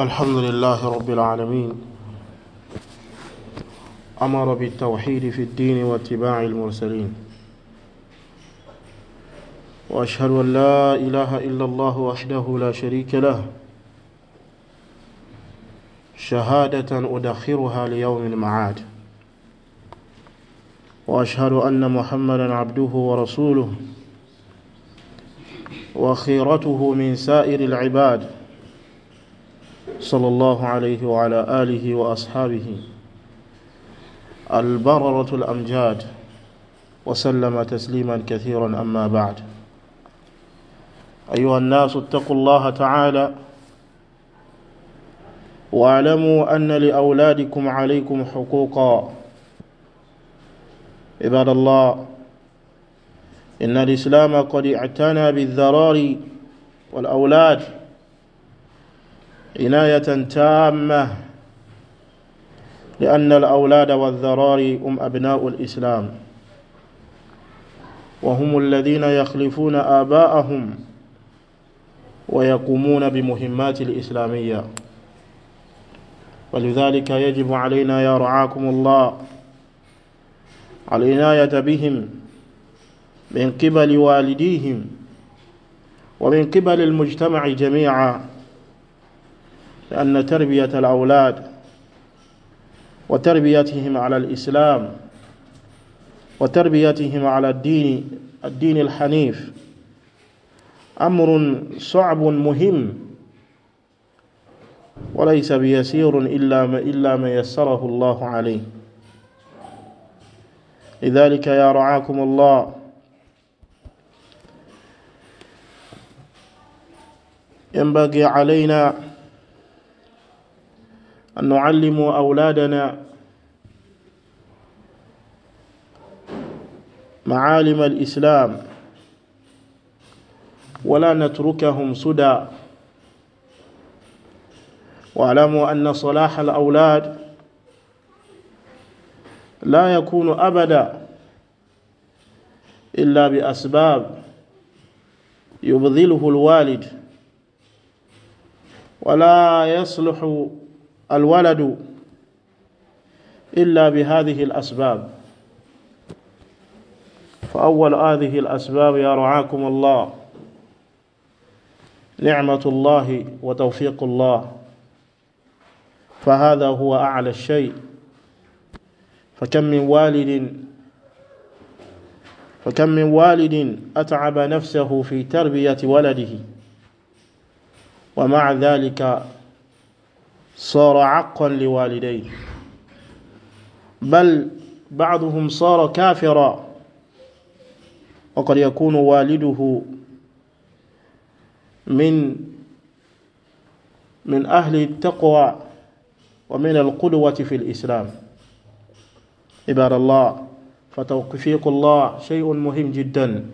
الحمد لله رب العالمين أمر بالتوحيد في الدين واتباع المرسلين وأشهد أن لا إله إلا الله وحده لا شريك له شهادة أدخرها ليوم المعاد وأشهد أن محمدا عبده ورسوله وخيرته من سائر العباد صلى الله عليه وعلى آله وأصحابه البررة الأمجاد وسلم تسليما كثيرا أما بعد أيها الناس اتقوا الله تعالى واعلموا أن لأولادكم عليكم حقوقا عباد الله إن الإسلام قد اعتنى بالذرار والأولاد عناية تامة لأن الأولاد والذراري هم أبناء الإسلام وهم الذين يخلفون آباءهم ويقومون بمهمات الإسلامية ولذلك يجب علينا يا رعاكم الله العناية بهم من قبل والديهم ومن قبل المجتمع جميعا لأن تربية الأولاد وتربيتهم على الإسلام وتربيتهم على الدين الدين الحنيف أمر صعب مهم وليس بيسير إلا ما, إلا ما يسره الله عليه لذلك يا رعاكم الله ينبغي علينا أن نعلم أولادنا معالم الإسلام ولا نتركهم سدى واعلموا أن صلاح الأولاد لا يكون أبدا إلا بأسباب يبذله الوالد ولا يصلح الولد إلا بهذه الأسباب فأول هذه الأسباب يا رعاكم الله نعمة الله وتوفيق الله فهذا هو أعلى الشيء فكم من والد فكم من والد أتعب نفسه في تربية ولده ومع ذلك صار عقا لوالديه بل بعضهم صار كافرا وقد يكون والده من من أهل التقوى ومن القدوة في الإسلام عباد الله فتوقفيق الله شيء مهم جدا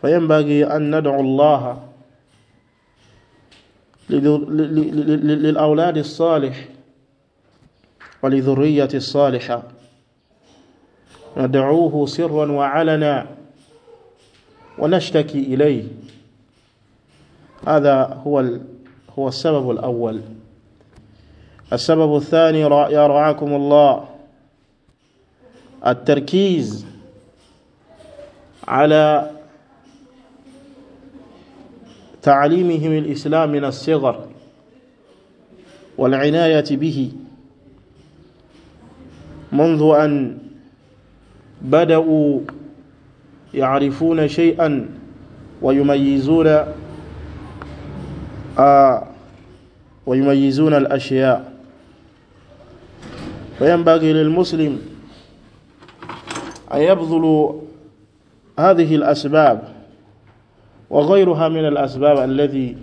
فينبغي أن ندعو الله للأولاد الصالح ولذرية الصالحة ندعوه سرا وعلنا ونشتكي إليه هذا هو هو السبب الأول السبب الثاني يا رعاكم الله التركيز على تعليمهم الإسلام من الصغر والعناية به منذ أن بدأوا يعرفون شيئا ويميزون آه ويميزون الأشياء فينبغي للمسلم أن يبذل هذه الأسباب وغيرها من الأسباب الذي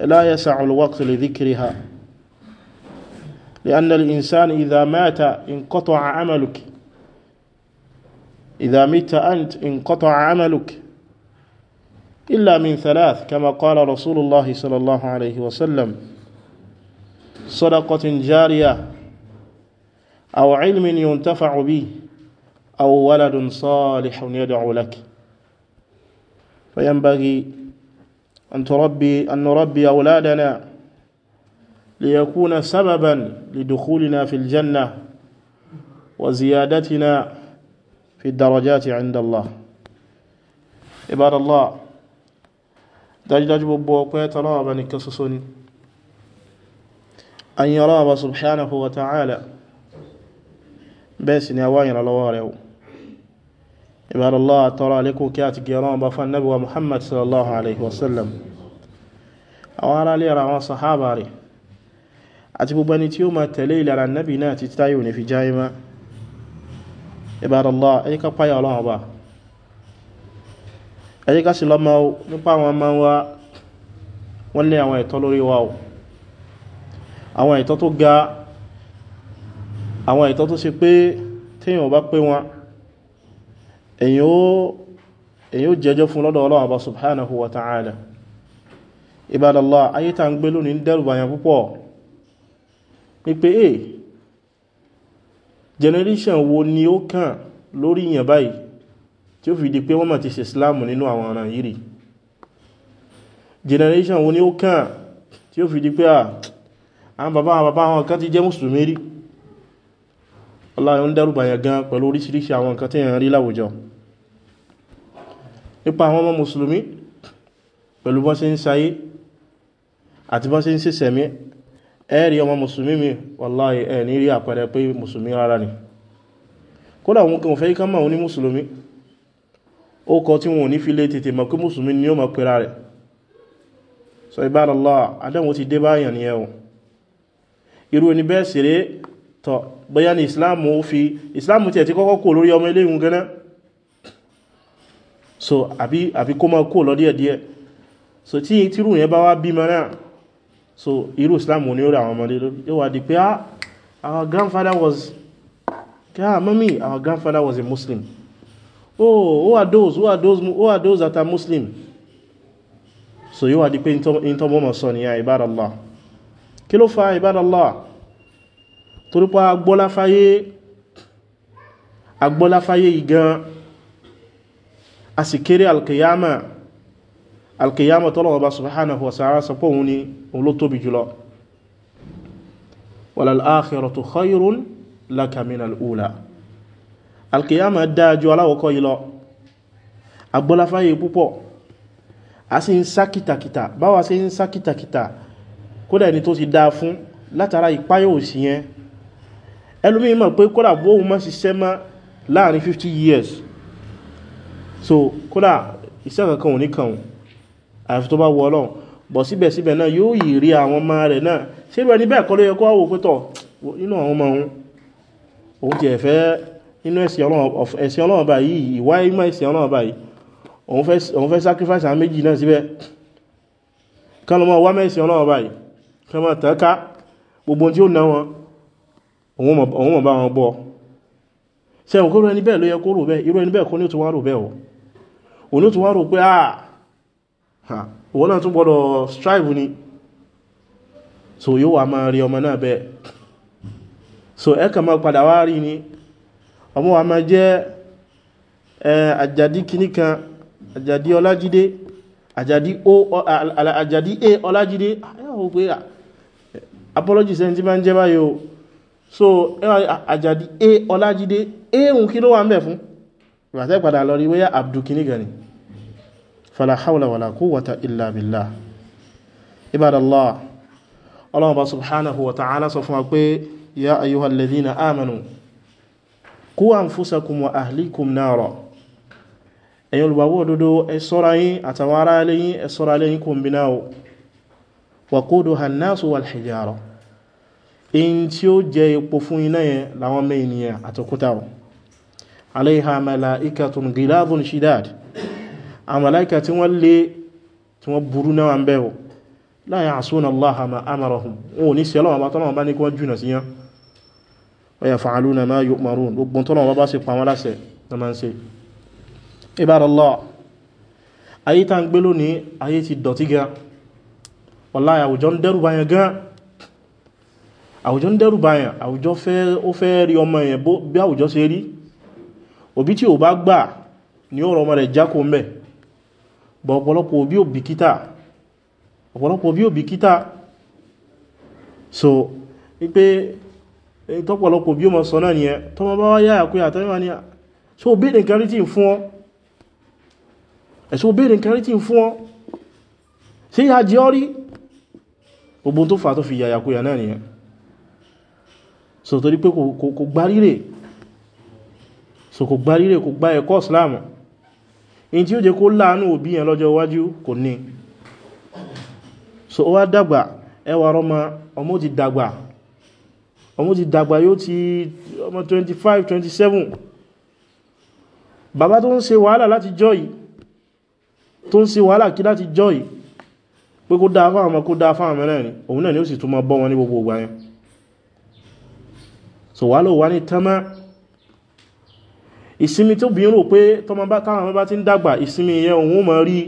لا يسع الوقت لذكرها لأن الإنسان إذا مات انقطع عملك إذا مت أنت انقطع عملك إلا من ثلاث كما قال رسول الله صلى الله عليه وسلم صدقة جارية أو علم ينتفع به أو ولد صالح يدعو لك فينبغي أن, تربي أن نربي أولادنا ليكون سببا لدخولنا في الجنة وزيادتنا في الدرجات عند الله عباد الله داج داج ببو قيت رابا نكسسوني أن يراب سبحانه وتعالى بس نواين الله ورئو ìbáraláà àtọ́rọ alékún kí a ti gẹ̀rọ ọba fún anábíwa muhammad sallallahu alaihi wasallam àwọn ará lè ra àwọn sahaba rẹ̀ àti gbogbo ẹni tí ó ma tẹ̀lé ìlànà nábi náà ti táyò ní fi jáyé má ìbáraláà ẹni ká páyà ọlọ́run ọba ẹni ká sì lọ́mọ nípa àwọn ọmọ wa wọ́n lé àwọn ẹ̀tọ́ lórí wa àwọn ẹ̀tọ́ tó ga àwọn ẹ̀tọ́ tó ṣe pé téèyàn bá pé wọn èyí ó jẹjọ́ fún lọ́dọ̀ Ọlọ́run Ọba subhanahu wa ta'ala ibadallah ayé ta ń gbé lónìí dẹ́rùbàyàn púpọ̀ wípé e eh, generation wo ni ó kàn lórí ìyàn báyìí tí ó fi di pé wọ́n ma ti ṣe Islam nínú àwọn ọ̀ràn yìí generation wo ni ó kàn tí ó fi di pé ah, à bàbá àwọn kan ti jẹ́ mùsùlùmí rí Allah ń dẹ́rùbà yẹn gan pẹ̀lú oríṣiríṣi àwọn nǹkan tí èèyàn rí láwùjọ nípa àwọn ọmọ mùsùlùmí pẹ̀lú bọ́n ṣe ń sayé àti bọ́n ṣe ń ṣẹ̀ṣẹ̀mí ẹ̀rí ọmọ mùsùlùmí mi wallahi ẹ̀ ní rí àpẹẹrẹ pé mùsùlùmí rárá ni kódà wọn kò fẹ́ ká máa ní mùsùlùmí ó kọ tí wọn ò irú ẹni bẹ́ẹ̀ sì rẹ̀ tọ̀ bóyá ní islam ó fi islam tí ẹ̀ tí kọ́kọ́ kò lórí ọmọ iléyìn gẹ́nẹ́ so àbí kó máa kó lọ díẹ̀díẹ̀ so tí tírù yẹn bá wá bímọ náà so irú islam ní orí àwọn ọmọdé lórí yóò di pé ah, our grandfather was yeah mommy our grandfather was a muslim oh who are those who are those who are those that are muslim so yóò wá di pé in tọ́mọ́ mọ̀ sọ nìyà ibadallah kí ló fa ibadallah torípa agbọ́láfáyé agbọ́láfáyé igan a sì kéré alkiyama alkiyama tọ́lọ̀wọ́ bá subhanahu wa ta'ala sọpọ̀ òun ni olótóbi jùlọ walal akhiratu khayrun laka minal ula alkiyama dájú aláwọ̀kọ́ yìí lọ agbọ́láfáyé púpọ̀ a sì ń sá kìtàkìtà báwa sì ń sá kìtàkìtà kódà ẹni tó ti dáa fún látara ìpáyọ̀ òsì yẹn ẹlòmíì mọ̀ pé kódà bóhun mọ́ ṣiṣẹ́ mọ́ láàrin 50 years so kódà iṣẹ́ kankan ò ní kàn àyàfi tó bá wọ ọlọ́run bọ̀ síbẹ̀síbẹ̀ náà yóò yìí rí àwọn ọmọ rẹ̀ náà ṣe rẹ̀ ní bẹ́ẹ̀ kọ́ ló yẹ kó wò pẹ́tọ̀ nínú àwọn ọmọ òun òun ti ẹ̀fẹ́ nínú ẹ̀sìn ọlọ́run bá yìí ìwá ìmọ̀ ẹ̀sìn ọlọ́run bá yìí òun fẹ́ sacrifice àwọn méjì náà síbẹ̀ kán lọ mọ́ wá mẹ́sìn ọlọ́run bá yìí kán mọ́ tẹ́ká gbogbo tí ó ná wọn òun mọ̀ bá wọn gbọ́ ṣe òkú rẹ̀ níbẹ̀ ló yẹ kó rò bẹ́ irú ẹni bẹ́ẹ̀ kó ní òtún wá rò bẹ́ ọ̀ òun tún wá rò pé àà òun náà tún gbọ́dọ̀ strive ni so yóò wà máa rí ọmọ náà bẹ́ẹ̀ so ẹkà máa padà wá rí ni ọmọ wa máa jẹ́ àjàdí kìníkan àjàdí ọlájídé àjàdí a ọlájídé apology sẹ́ni tí bá ń jẹ́ báyìí so àjàdí a ọlájídé ehun kí ló wà ń bẹ̀ fún ìgbàtẹ́ padà lọ rí wéyà abdukini gani fala hawla wala quwwata illa billah ibadallah ọlọ́run bá subhanahu wa ta'ala sọ fún wa pé ya ayyuhal ladhina amanu qu anfusakum wa ahlikum nara ẹ̀yin olùgbàwó òdodo ẹ ṣọ́ra yín àtàwọn ará ilé yín wa quduha an-nasu wal hijara in tí ó jẹ epo fún iná yẹn láwọn mẹ́ ènìyàn àtọkúta ọ̀ aláìhà malaikatun gilazun shidad a malaika tí wọ́n lè tí wọ́n burú náà wọ́n bẹ̀rọ la ya'suna Allaha ma amarahum o ní sẹ́lọ́wọ́ bá tọ́lọ́wọ́ bá ní kọ́ jùnà sí yán wa yaf'aluna ma yu'marun gbogbo tọ́lọ́wọ́ bá sì pàwọn láṣẹ na ma ń ṣe ibadallah ayé àwùjọ ń dẹ́rù báyàn àwùjọ ó fẹ́ rí ọmọ èèyàn bí àwùjọ ṣe rí òbí tí ò bá gbà ní ọ̀rọ̀ ọmọ rẹ̀ jákò mẹ́ bọ̀ ọ̀pọ̀lọpọ̀ òbí òbí ò so wípé tọ́pọ̀lọpọ̀ òbí ò mọ̀ sọ náà nìyẹn tó mọ́ bá wá yáyà kó yàtọ̀ ìwà ni so obìnrin nǹkan rí tí ń fún ọ ẹ̀sùn obìnrin nǹkan rí so torí pé kò gbárírè so kò gbárírè kò gbá ẹ̀kọ́ islamu in tí ó jẹ kó láàánú òbí yẹn lọ́jọ́ iwájú kò ní so ó wá dàgbà ẹwà rọmọ ọmọ ti dàgbà ọmọ ti dàgbà yóò ti ọmọ 25 27 bàbá tó ń ṣe wàhálà láti jọ́ yìí tó ń ṣe wàhálà kí láti jọ́ yìí pé kó dáa fáwọn ọmọ kó dáa fáwọn mẹ́rẹ̀ẹ́rin òun ni ó sì tún máa bọ́ wọn ní gbogbo ìgbà yẹn so wà ló wà ní tánmà ìsinmi tó bìí rò pé tọ́mọ bá táwọn bá ti ń dàgbà ìsinmi yẹn òun mọ̀ rí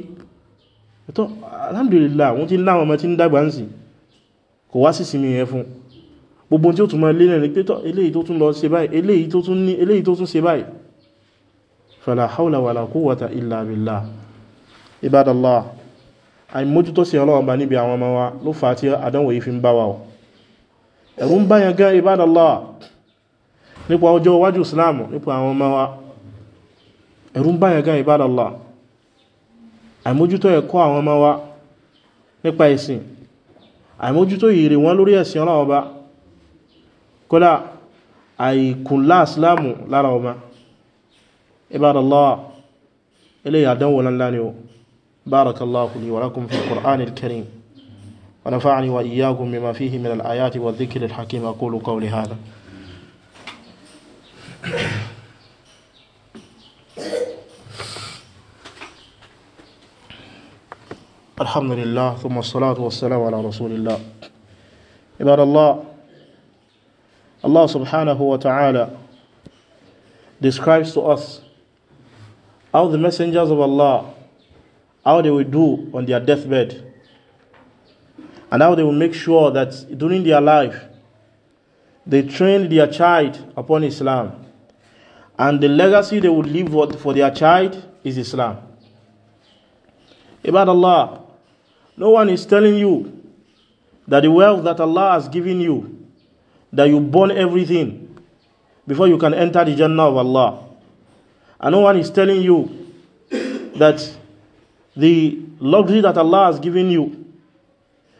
ẹ̀tọ́ alhamdulillah wọ́n ti láwọn ọmọ ti ń dàgbà ń sì kò wá sí ìsinmi yẹn fún gbogbo tí ó tún mọ́ ilé rẹ̀ pé tọ́ eléyìí tó tún lọ ṣe báyìí eléyìí tó tún ní eléyìí tó tún ṣe báyìí fala hawla wala quwwata illa billah ibadallah àìmójútó sí ọlọ́run bá níbi àwọn ọmọ wa ló fà á tí àdánwò yìí fi ń wa ẹ̀rù ń báyàn gan ibadallah nípa ọjọ́ iwájú islam nípa àwọn ọmọ wa ẹ̀rù ń báyàn gan ìbádàlá àìmójútó ẹ̀kọ́ àwọn ọmọ wa nípa ìsìn àìmójútó ìrè wọn lórí ẹ̀sìn ọlọ́run ọba kódà àìkùnlá ìsìláàmù lára ọmọ ìbádàlá ونفعني وإياكم بما فيه من الآيات والذكر الحكيم أقول قولي هذا الحمد لله ثم الصلاة والسلام على رسول الله عباد الله Allah subhanahu wa ta'ala describes to us how the messengers of Allah how they will do on their deathbed and how they will make sure that during their life they train their child upon Islam and the legacy they would leave for their child is Islam. About Allah, no one is telling you that the wealth that Allah has given you, that you burn everything before you can enter the Jannah of Allah. And no one is telling you that the luxury that Allah has given you,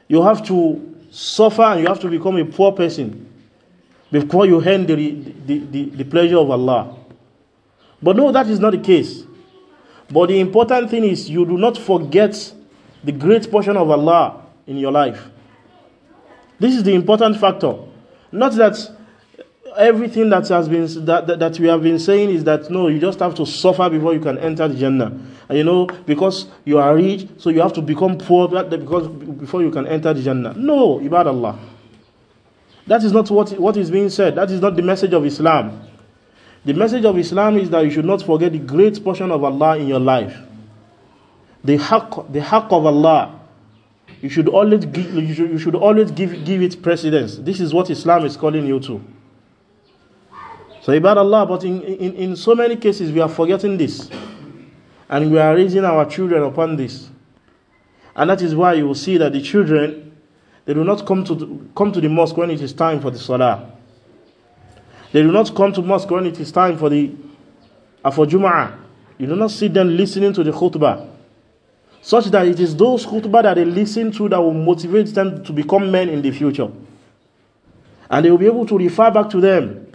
you have to suffer and you have to become a poor person before you hand the, the, the, the pleasure of Allah. But no, that is not the case. But the important thing is you do not forget the great portion of Allah in your life. This is the important factor. Not that everything that has been that, that, that, we have been saying is that no, you just have to suffer before you can enter the Jannah. And you know, because you are rich, so you have to become poor because before you can enter the Jannah. No, ibad Allah. That is not what, what is being said. That is not the message of Islam. The message of Islam is that you should not forget the great portion of Allah in your life. The haqq, the haqq of Allah. You should always, give, you should, you should always give, give it precedence. This is what Islam is calling you to. So, about Allah, but in, in, in so many cases, we are forgetting this. And we are raising our children upon this. And that is why you will see that the children, they do not come to, the, come to the mosque when it is time for the salah. They do not come to mosque when it is time for the uh, for Jum'a. You do not see them listening to the khutbah. Such that it is those khutbah that they listen to that will motivate them to become men in the future. And they will be able to refer back to them.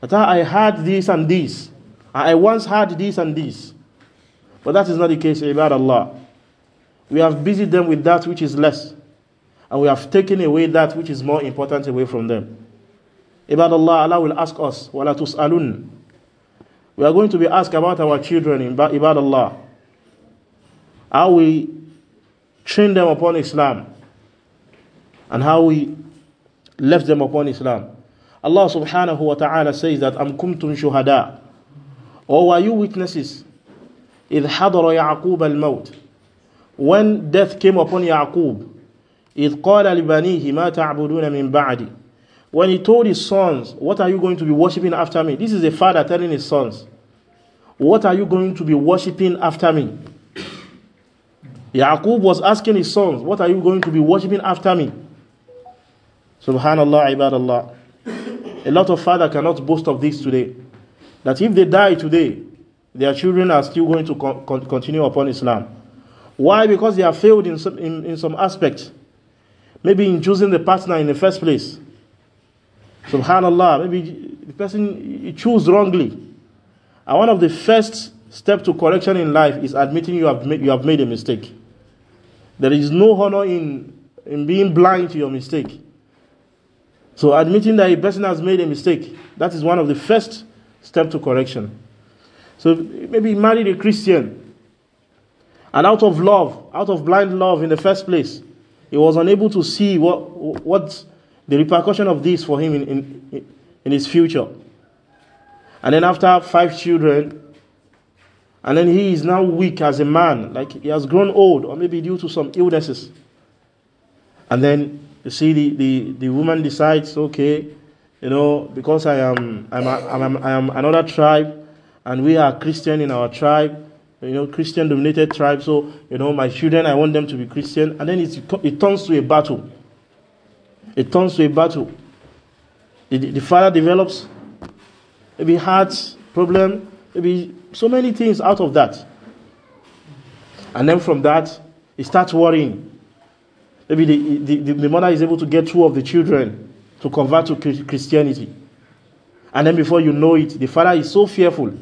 That ah, I had this and this. Ah, I once had this and this. But that is not the case, Ibad Allah. We have busied them with that which is less. And we have taken away that which is more important away from them. Ibadallah, Allah Allah will ask us, wala tus'alun. We are going to be asked about our children in Allah. How we train them upon Islam and how we left them upon Islam. Allah subhanahu wa ta'ala says that am kuntum shuhada or were you witnesses إذ حضر يعقوب الموت when death came upon Yaqub إذ قال لبنيه ما تعبدون من بعدي when he told his sons, What are you going to be worshipping after me? This is a father telling his sons, What are you going to be worshipping after me? Yaqub was asking his sons, What are you going to be worshipping after me? Subhanallah, ibadallah. A lot of fathers cannot boast of this today. That if they die today, their children are still going to con continue upon Islam. Why? Because they have failed in some, in, in some aspects. Maybe in choosing the partner in the first place Subhanallah, maybe the person you choose wrongly. And one of the first step to correction in life is admitting you have made, you have made a mistake. There is no honor in, in being blind to your mistake. So admitting that a person has made a mistake, that is one of the first step to correction. So maybe married a Christian, and out of love, out of blind love in the first place, he was unable to see what, what the repercussion of this for him in, in, in his future. And then after five children, and then he is now weak as a man, like he has grown old, or maybe due to some illnesses. And then you see the, the, the woman decides, okay, you know, because I am I'm, I'm, I am another tribe, and we are Christian in our tribe, you know, Christian dominated tribe. So you know, my children, I want them to be Christian, and then it it turns to a battle it turns to a battle. The, the father develops maybe heart problem, maybe so many things out of that. And then from that, he starts worrying. Maybe the, the, the, the mother is able to get two of the children to convert to Christianity. And then before you know it, the father is so fearful.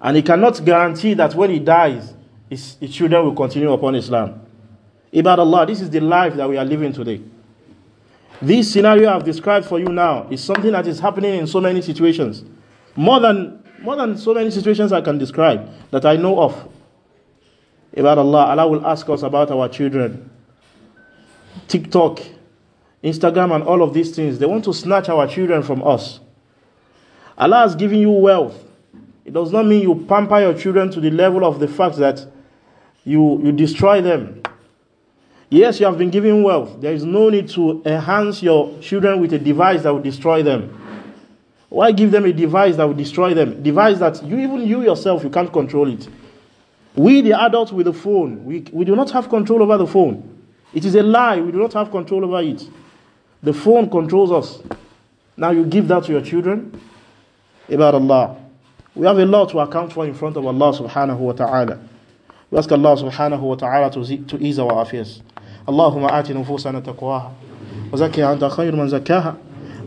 And he cannot guarantee that when he dies, his, his children will continue upon Islam. Ibad Allah, this is the life that we are living today. This scenario I've described for you now is something that is happening in so many situations. More than, more than so many situations I can describe that I know of. About Allah, Allah will ask us about our children. TikTok, Instagram, and all of these things. They want to snatch our children from us. Allah has given you wealth. It does not mean you pamper your children to the level of the fact that you, you destroy them. Yes, you have been given wealth. There is no need to enhance your children with a device that will destroy them. Why give them a device that will destroy them? Device that you even you yourself you can't control it. We the adults with the phone, we, we do not have control over the phone. It is a lie, we do not have control over it. The phone controls us. Now you give that to your children. About Allah. We have a lot to account for in front of Allah subhanahu wa ta'ala. We ask Allah subhanahu wa ta'ala to, to ease our affairs. اللهم آت نفوسنا تقواها وزكي أنت خير من زكاها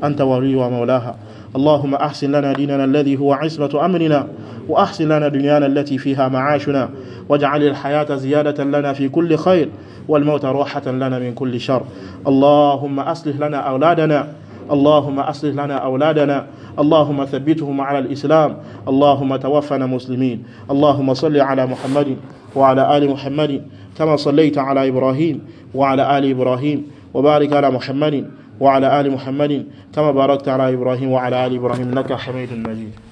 أنت ولي ومولاها اللهم أحسن لنا ديننا الذي هو عصمة أمرنا وأحسن لنا دنيانا التي فيها معاشنا واجعل الحياة زيادة لنا في كل خير والموت روحة لنا من كل شر اللهم أصلح لنا أولادنا اللهم أصلح لنا أولادنا اللهم ثبتهم على الإسلام اللهم توفنا مسلمين اللهم صل على محمد وعلى آل محمد كما صليت على إبراهيم وعلى آل إبراهيم وبارك على محمد وعلى آل محمد كما باركت على إبراهيم وعلى آل إبراهيم لك حميد مجيد